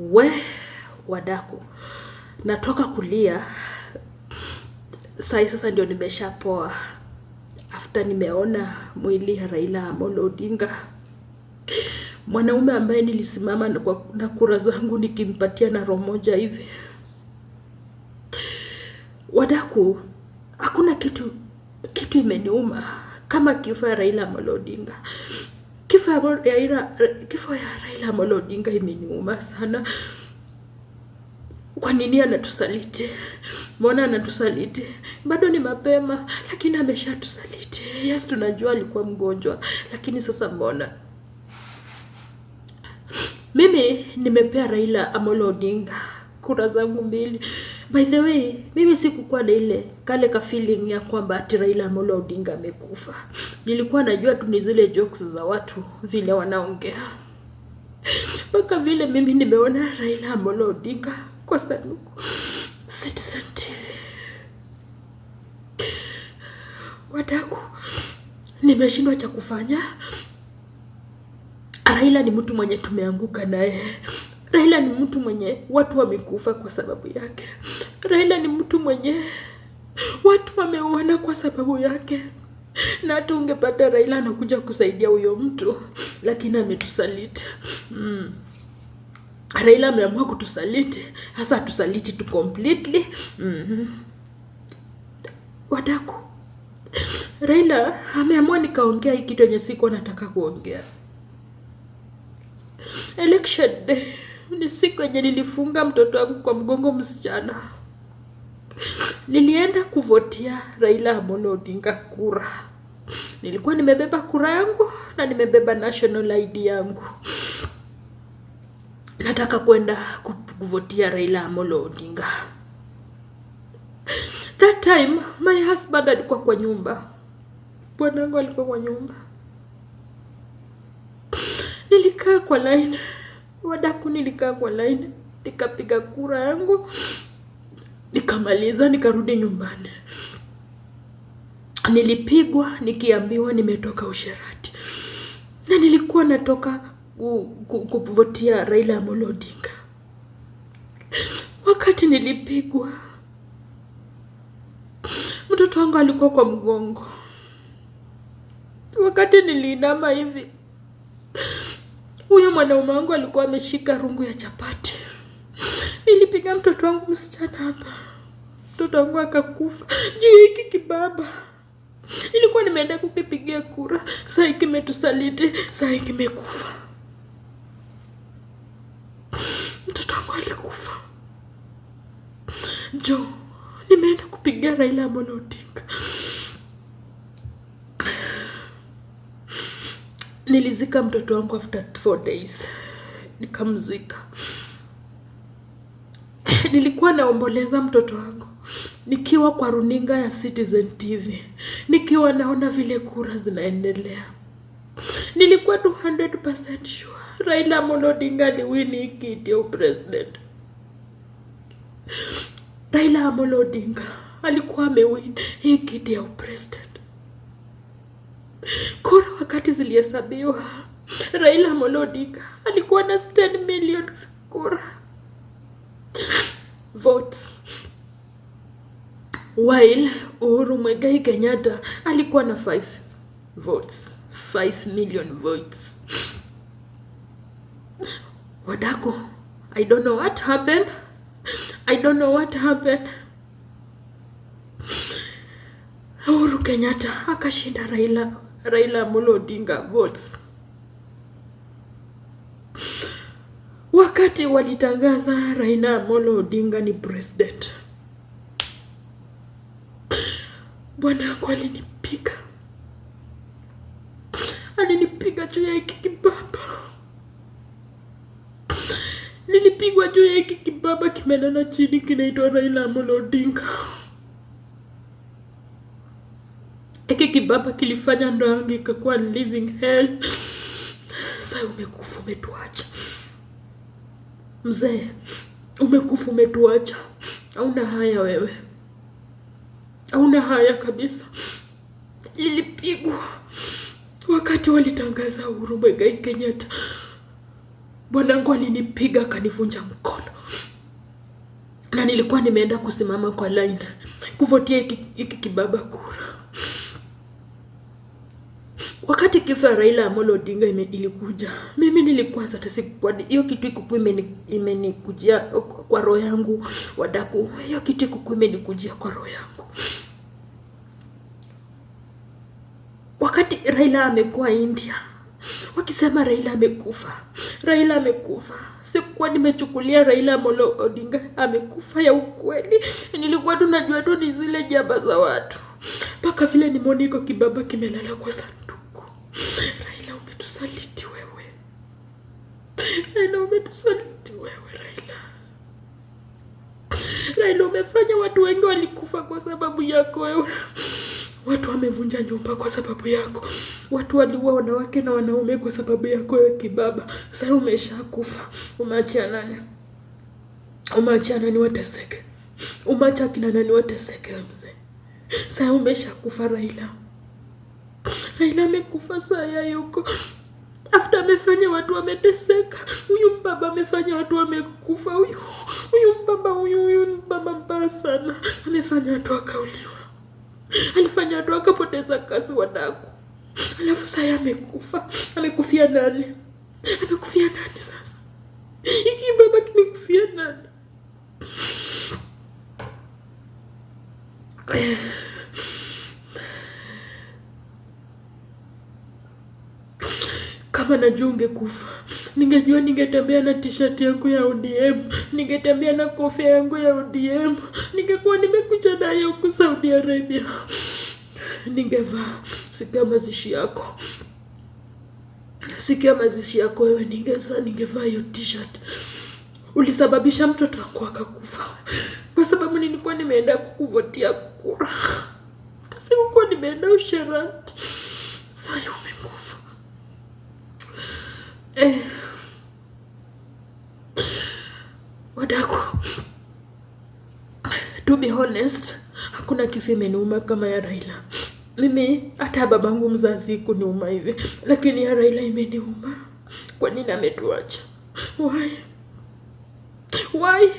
we wadaku natoka kulia sai sasa ndio nimeshapoa after nimeona mwili ya Raila Amolo Odinga mwanaume ambaye nilisimama na, na kura zangu nikimpatia na roho moja hivi. Wadaku, hakuna kitu kitu imeniuma kama kifo ya Raila Amolo Odinga. Kifo ya, ya, kifo ya Raila Amolo Odinga imeniuma sana. Kwa nini anatusaliti? Mbona anatusaliti? Bado ni mapema, lakini ameshatusaliti. Yes, tunajua alikuwa mgonjwa, lakini sasa mbona mimi nimepea Raila Amolo Odinga kura zangu mbili. By the way, mimi sikukuwa na ile kale ka feeling ya kwamba ati Raila Amolo Odinga amekufa. Nilikuwa najua tu ni zile jokes za watu vile wanaongea, mpaka vile mimi nimeona Raila Amolo Odinga kwa sanduku Citizen TV. Wadaku, nimeshindwa cha kufanya. Raila ni mtu mwenye tumeanguka naye. Raila ni mtu mwenye watu wamekufa kwa sababu yake. Raila ni mtu mwenye watu wameuana kwa sababu yake. na hata ungepata Raila anakuja kusaidia huyo mtu, lakini ametusaliti mm. Raila ameamua kutusaliti, hasa atusaliti tu completely mm -hmm. Wadaku, Raila ameamua nikaongea hii kitu yenye nataka kuongea. Election day ni siku yenye nilifunga mtoto wangu kwa mgongo msichana, nilienda kuvotia Raila Amolo Odinga kura Nilikuwa nimebeba kura yangu na nimebeba national ID yangu. Nataka kwenda kuvotia Raila Amolo Odinga. That time my husband alikuwa kwa nyumba, bwanangu alikuwa kwa nyumba. Nilikaa kwa line, wadaku, nilikaa kwa line nikapiga kura yangu nikamaliza, nikarudi nyumbani. Nilipigwa nikiambiwa nimetoka usherati, na nilikuwa natoka kuvotia Raila Amolo Odinga. Wakati nilipigwa, mtoto wangu alikuwa kwa mgongo. Wakati niliinama hivi, huyo mwanaume wangu alikuwa ameshika rungu ya chapati. Nilipiga mtoto wangu msichana hapa, mtoto wangu akakufa juu hiki kibaba ilikuwa nimeenda kukipigia kura, saa hii kimetusaliti, saa hii kimekufa. Mtoto wangu alikufa. Jo, nimeenda kupigia Raila Amolo Odinga. Nilizika mtoto wangu after four days, nikamzika. Nilikuwa naomboleza mtoto wangu nikiwa kwa runinga ya Citizen TV, nikiwa naona vile kura zinaendelea, nilikuwa 200% sure Raila Amolo Odinga aliwini kiti ya president. Raila Amolo Odinga alikuwa amewini hii kiti ya president. Kura wakati zilihesabiwa, Raila Amolo Odinga alikuwa na 10 million kura votes while Uhuru Mwegai Kenyatta alikuwa na 5 votes, 5 million votes. Wadako, I don't know what happened. I don't know what happened. Uhuru Kenyatta akashinda Raila Raila Amolo Odinga votes. Wakati walitangaza Raila Amolo Odinga ni president Bwana yangu alinipiga, alinipiga juu ya hiki kibaba. Nilipigwa juu ya hiki kibaba kimelala chini, kinaitwa Raila Amolo Odinga. Hiki kibaba kilifanya ndoa yangu ikakuwa living hell. Sasa umekufa, umetuacha mzee, umekufa, umetuacha, hauna haya wewe hauna haya kabisa. Ilipigwa wakati walitangaza uhuru Mwigai Kenyatta, bwanangu alinipiga akanivunja mkono, na nilikuwa nimeenda kusimama kwa laini kuvotia hiki kibaba kura. Wakati kifo ya Raila Amolo Odinga ime, ilikuja mimi nilikuwa hata sikuwa hiyo kitu ikuku imenikujia kwa roho yangu, wadaku, hiyo kitu ikuku imenikujia kwa roho yangu. wakati Raila amekuwa India wakisema Raila amekufa, Raila amekufa. Sikuwa nimechukulia Raila molo Odinga amekufa ya ukweli, nilikuwa najua tu ni zile jaba za watu, mpaka vile nimeona iko kibaba kimelala kwa sanduku. Raila umetusaliti wewe, Raila umetusaliti wewe, Raila, Raila umefanya watu wengi walikufa kwa sababu yako wewe. Watu wamevunja nyumba kwa sababu yako. Watu waliua wanawake na wanaume kwa sababu yako wewe kibaba. Sasa umeshakufa. Umeacha nani? Umeacha nani wateseke? Umeacha kina nani wateseke mzee? Sasa umeshakufa Raila. Raila amekufa saa yuko. afta amefanya watu wameteseka. Huyu mbaba amefanya watu wamekufa huyu. Huyu mbaba huyu huyu mbaba mbaya sana. Amefanya watu wakauliwa alifanya ndoa akapoteza kazi wanangu, alafu saya amekufa. Amekufia nani? Amekufia nani? Sasa iki baba kimekufia nani? Kama najua ungekufa Ningejua ningetembea na t-shirt yangu ya ODM, ningetembea na kofia yangu ya ODM, ningekuwa nimekuja nayo huku Saudi Arabia, ningevaa sikia mazishi yako sikia mazishi yako wewe, ningeza ningevaa hiyo t-shirt. Ulisababisha mtoto wako akakufa kwa sababu nilikuwa nimeenda kukuvotia kura, sikukuwa nimeenda usherati. Sasa umekufa. Eh. Wadako, to be honest, hakuna kifo imeniuma kama ya Raila. Mimi hata babangu mzazi kuniuma hivi, lakini ya Raila imeniuma. Kwa nini ametuacha? Why? Why?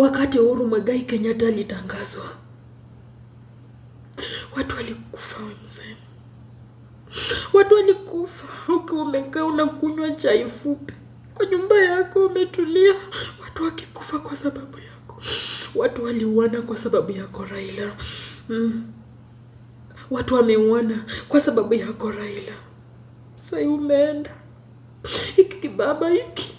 Wakati Uhuru Mwigai Kenyatta alitangazwa, watu walikufa wenzemu, watu walikufa ukiwa umekaa unakunywa chai fupi kwa nyumba yako, umetulia, watu wakikufa kwa sababu yako, watu waliuana kwa sababu yako Raila. Mm. Watu wameuana kwa sababu yako Raila. Sai umeenda hiki kibaba hiki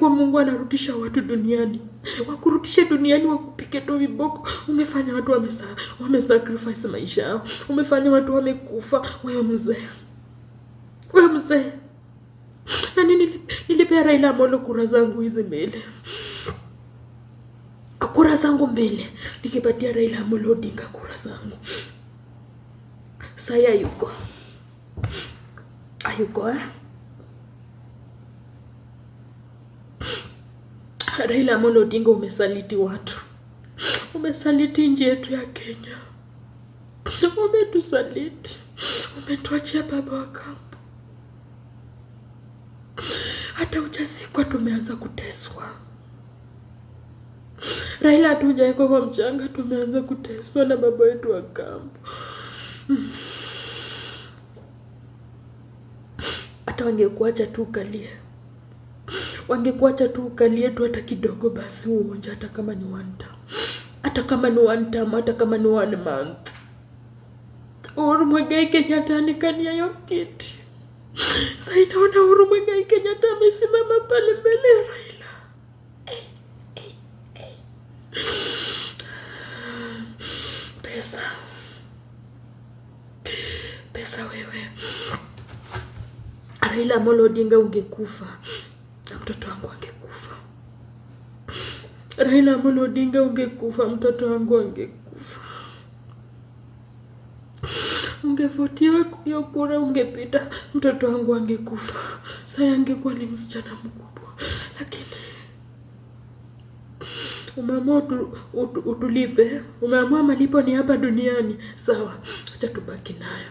kuwa Mungu anarudisha watu duniani, wakurudishe duniani, wakupike tu viboko. Umefanya watu wamesa, wamesacrifice maisha yao, umefanya watu wamekufa. Wewe mzee, wewe mzee, nani nilipea Raila Amolo kura zangu hizi mbele, kura zangu mbele, nikipatia Raila Amolo Odinga kura zangu. Saya yuko ayuko eh? Raila Amolo Odinga, umesaliti watu, umesaliti nchi yetu ya Kenya, umetusaliti, umetuachia baba wa kambo. Hata ujasikwa tumeanza kuteswa. Raila hatujawekwa kwa mchanga, tumeanza kuteswa na baba wetu wa kambo. Hata wangekuacha tu ukalia wangekuacha tu ukalie tu hata kidogo, basi uonja, hata kama ni one term, hata kama ni one term, hata kama ni one month. Uhuru Muigai Kenyatta anikania hiyo kiti. Sasa inaona Uhuru Muigai Kenyatta amesimama pale mbele ya Raila. Pesa pesa, wewe Raila Amolo Odinga ungekufa mtoto wangu angekufa. Raila Amolo Odinga, ungekufa, mtoto wangu angekufa. Ungevutiwa hiyo kura, ungepita, mtoto wangu angekufa. Saya angekuwa ni msichana mkubwa, lakini umeamua utu, utu, utulipe. Umeamua malipo ni hapa duniani, sawa, acha tubaki nayo.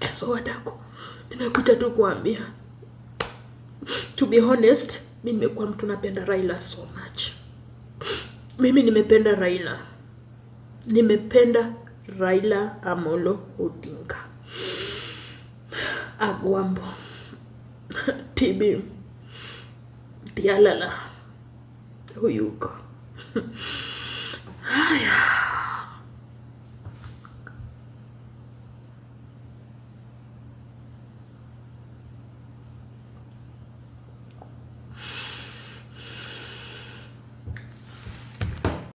Eso wadako, nimekuja tu kuambia to be honest, mimi nimekuwa mtu napenda Raila so much. Mimi nimependa Raila, nimependa Raila Amolo Odinga, Agwambo, TB Tialala, huyuko haya